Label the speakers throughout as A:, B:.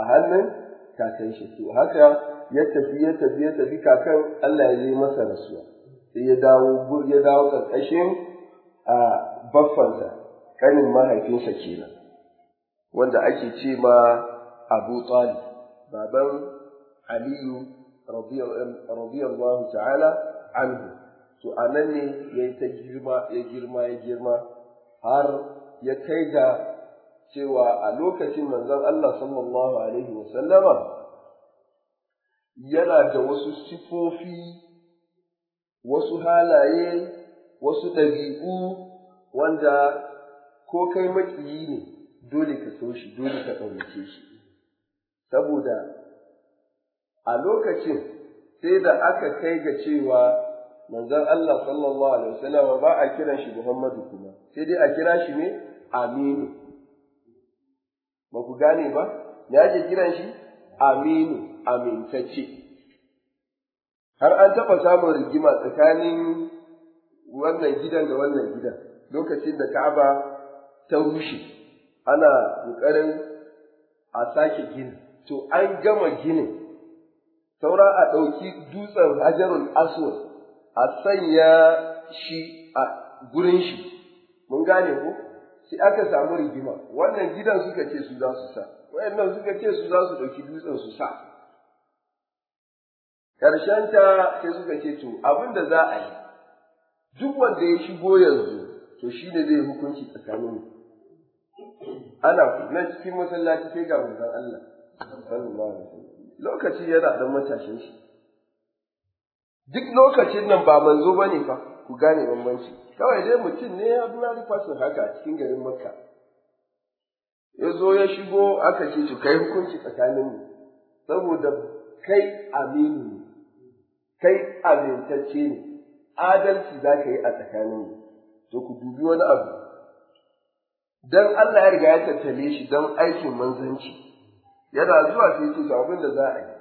A: a hannun kakan shi to haka ya tafi ya tafi ya tafi kakan Allah ya yi masa rasuwa sai ya dawo ya dawo karkashin a baffansa kanin mahaifinsa kenan wanda ake ce ma Abu Talib baban Aliyu radiyallahu ta'ala anhu to anan ne ya ta girma ya girma ya girma har ya kai da. cewa a lokacin manzon Allah sallallahu alaihi wasallama yana da wasu sifofi wasu halaye wasu ɗabi'u wanda ko kai maƙiyi ne dole ka so shi dole ka ƙaunace shi saboda a lokacin sai da aka kai ga cewa manzon Allah sallallahu alaihi Wasallama ba a kiran shi Muhammadu kuma sai dai a kira shi ne Aminu ba ku gane ba, me ake kiran shi? Aminu, amintacce. Har an taɓa samun rigima tsakanin wannan gidan da wannan gidan, lokacin da Ka'aba ta rushe, ana ƙoƙarin a sake gini. To, an gama ginin, saura a ɗauki dutsen hajarun aswad a sanya shi a gurin shi, mun gane ko? sai aka samu rigima wannan gidan suka ce su za su sa wayannan suka ce su za su ɗauki dutsen su sa ta sai suka ce to abin da za a yi duk wanda ya shigo yanzu to shi ne zai hukunci tsakanin mu ana kuma cikin masallaci sai ga manzon Allah sallallahu alaihi wasallam lokaci yana da matashin shi duk lokacin nan ba manzo bane fa ku gane bambanci kawai dai mutum ne ya ordinary fasin haka cikin garin makka ya zo ya shigo aka ce to kai hukunci tsakanin mu saboda kai aminu kai amintacce ne adalci za ka yi a tsakanin mu to ku dubi wani abu dan Allah ya riga ya tattale shi dan aikin manzanci yana zuwa sai ce abin da za a yi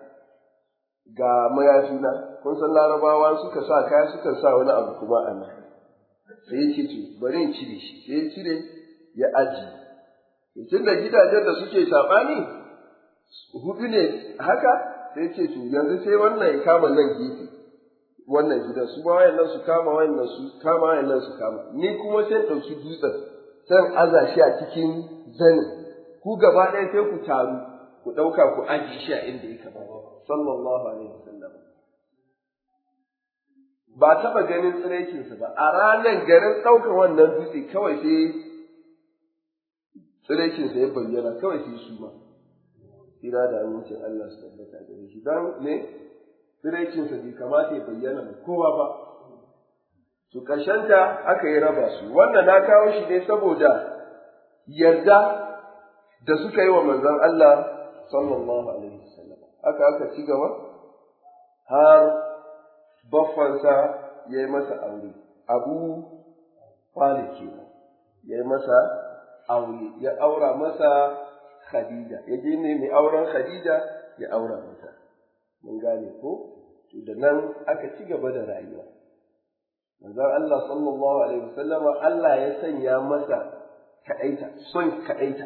A: ga mayafina kun san larabawa suka sa kaya suka sa wani abu kuma a nan sai yake ce bari in cire shi sai ya cire ya aji tun da gidajen da suke saɓani hudu ne haka sai ce to yanzu sai wannan ya kama nan gefe wannan gidan su ba nan su kama nan su kama nan su kama ni kuma sai ɗauki dutsen san aza shi a cikin zanin ku gaba ɗaya sai ku taru ku ɗauka ku aji shi a inda ya kamata sallallahu alaihi wasallam ba taɓa ganin tsiraicinsa ba a ranar garin ɗaukar wannan dutse kawai sai tsiraicinsa ya bayyana kawai sai su ba. tsira da amincin Allah su tabbata gare shi don ne tsiraicinsa bai kamata ya bayyana ba kowa ba su ƙarshenta aka yi raba su wannan na kawo shi ne saboda yarda da suka yi wa manzon Allah sallallahu alaihi wasallam aka aka ci gaba har baffansa ya yi masa aure abu Talib kenan ya yi masa aure ya aura masa Khadija ya je ne mai auren Khadija ya aura masa mun gane ko to da nan aka ci gaba da rayuwa manzon Allah sallallahu alaihi wasallam Allah ya sanya masa kaɗaita son kaɗaita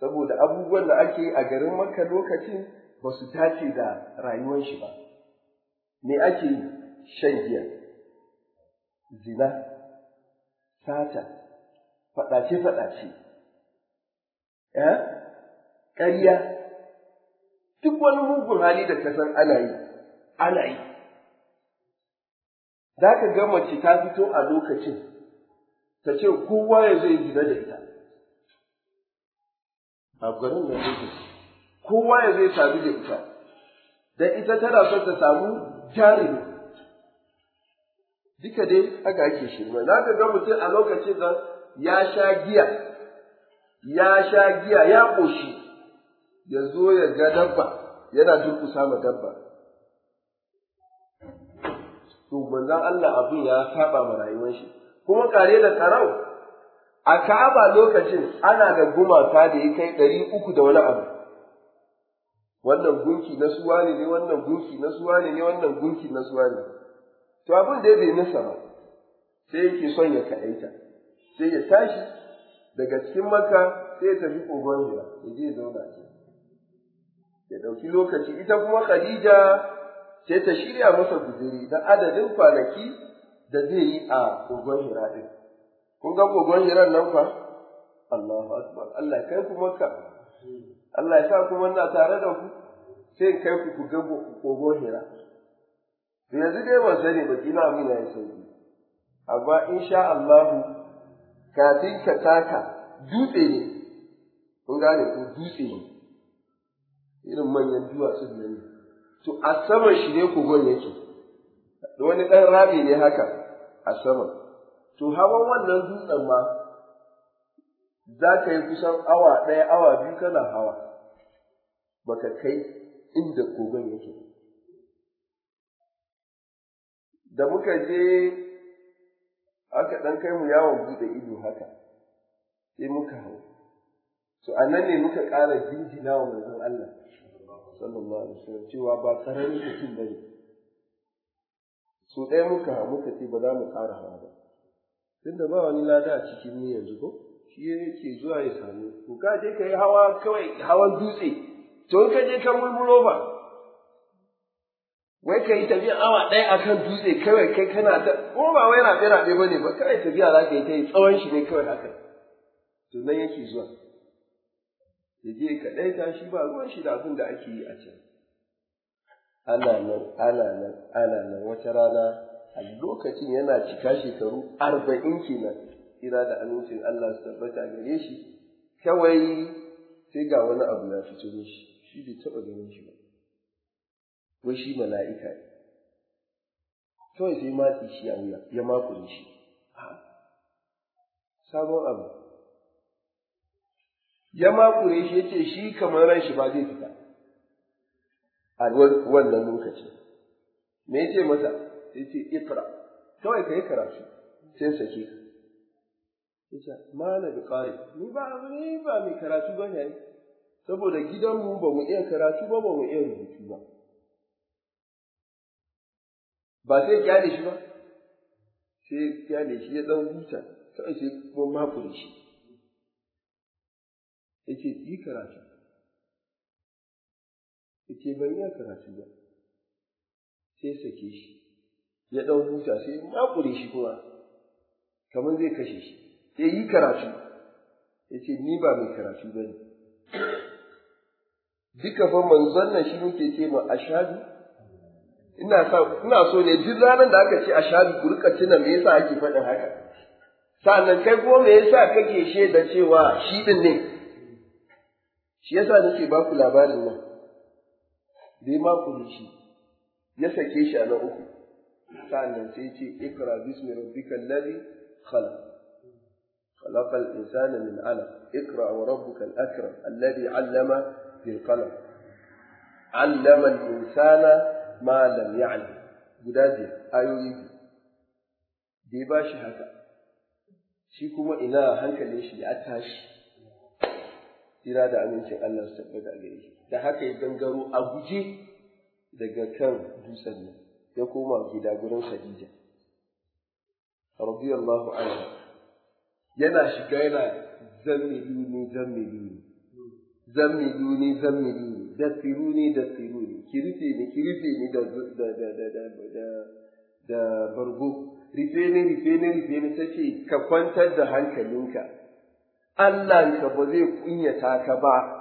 A: saboda abubuwan da ake a garin maka lokacin ba su tace da rayuwar shi ba. Me ake yi? Shan giya, zina, sata, faɗace-faɗace, eh, ƙarya, duk wani mugun hali da kasar ana yi, ana yi. Za ka ga mace ta fito a lokacin, ta ce kowa ya zai zina da ita. a garin nan kowa ya zai sadu da ita da ita tana son ta samu jarumi duka dai haka ake shirma na ga mutum a lokacin da ya sha giya ya sha giya ya ƙoshi ya zo ya ga dabba yana durkusa ma dabba to manzan Allah abin ya saba ma rayuwar shi kuma kare da karau a Ka'aba lokacin ana da gumaka da ya kai ɗari uku da wani abu. Wannan gunki na suwa ne ne, wannan gunki na suwa ne ne, wannan gunki na suwa ne. To abin da ya bai nisa ba, sai yake son ya kaɗaita, sai ya tashi daga cikin maka sai ya tafi kogon ya je zauna ce. Ya ɗauki lokaci, ita kuma Khadija sai ta shirya masa guzuri da adadin kwanaki da zai yi a kogon hira ɗin. kun ga kogon hiran nan fa Allahu akbar Allah kai ku makka Allah ya sa kuma na tare da ku sai kai ku ku ga kogon hira to yanzu dai ban sani ba kila amina ya sauki amma insha Allah kafin ka taka dutse ne kun gane ko dutse ne irin manyan duwatsu nan ne to a saman shi ne kogon yake wani ɗan rabi ne haka a saman to hawan wannan dutsen ma za ka yi kusan awa ɗaya awa biyu kana hawa baka kai inda kogon yake da muka je aka ɗan kai mu yawon buɗe ido haka sai muka hau to a nan ne muka ƙara jinjina wa manzon Allah sallallahu alaihi wasallam cewa ba sararin mutum bane su ɗaya muka hau muka ce ba za mu ƙara hawa ba tunda ba wani lada a cikin ni yanzu ko shi yake zuwa ya samu. ko ka je ka yi hawa kawai hawan dutse to ka je ka mulmulo ba wai ka yi tafiya awa ɗaya akan dutse kawai kai kana ta ko ba wai rabe rabe ba ne ba kawai tafiya za ka yi ta yi tsawon shi ne kawai haka to nan yake zuwa ya je ka ɗaya ta shi ba ruwan shi da abin da ake yi a can ana nan ana nan ana nan wata rana a lokacin yana cika shekaru arba'in kenan ira da amincin Allah su tabbata gare shi kawai sai ga wani abu ya fito mishi shi bai taɓa ganin shi ba wai shi mala'ika ne kawai sai matsi shi a wuya ya makure shi sabon abu ya makure shi ya ce shi kamar ran shi ba zai fita a wannan lokacin me ya ce masa yace ikra kawai ka yi karatu sai sake ka yace mana da qari ni ba ni ba mai karatu ba ne saboda gidanmu ba mu iya karatu ba ba mu iya rubutu ba ba sai kyale shi ba sai kyale shi ya dan huta kawai sai kuma makure shi yace yi karatu yace ban iya karatu ba sai sake shi ya ɗau huta, sai ya makure shi kuma kamar zai kashe shi sai yi karatu ya ce ni ba mai karatu ba ne duka fa manzon nan shi muke ce ma ashadu ina sa ina so ne duk ranar da aka ce ashadu ku rika tuna me yasa ake faɗin haka sannan kai ko me yasa kake shaida cewa shi din ne shi yasa nake ba ku labarin nan dai ya makure shi ya sake shi a na uku فعلا سيتي اقرأ باسم ربك الذي خلق خلق الإنسان من علق اقرأ وربك الأكرم الذي علم بالقلم علم الإنسان ما لم يعلم جدادي أيوه دي باش هذا شيكوما إنا هنك ليش لأتهاش إرادة أمين شيء الله سبحانه وتعالى ده هكا يبنغرو أبوجي ده كان دوسنا ya koma gida gurin Khadija radiyallahu anha yana shiga yana zammiluni zammiluni zammiluni zammiluni da dasiruni ki rufe ni ki rufe ni da da da da da da bargo rufe ni rufe ni rufe ni tace ka kwantar da hankalinka Allah ka ba zai kunyata ka ba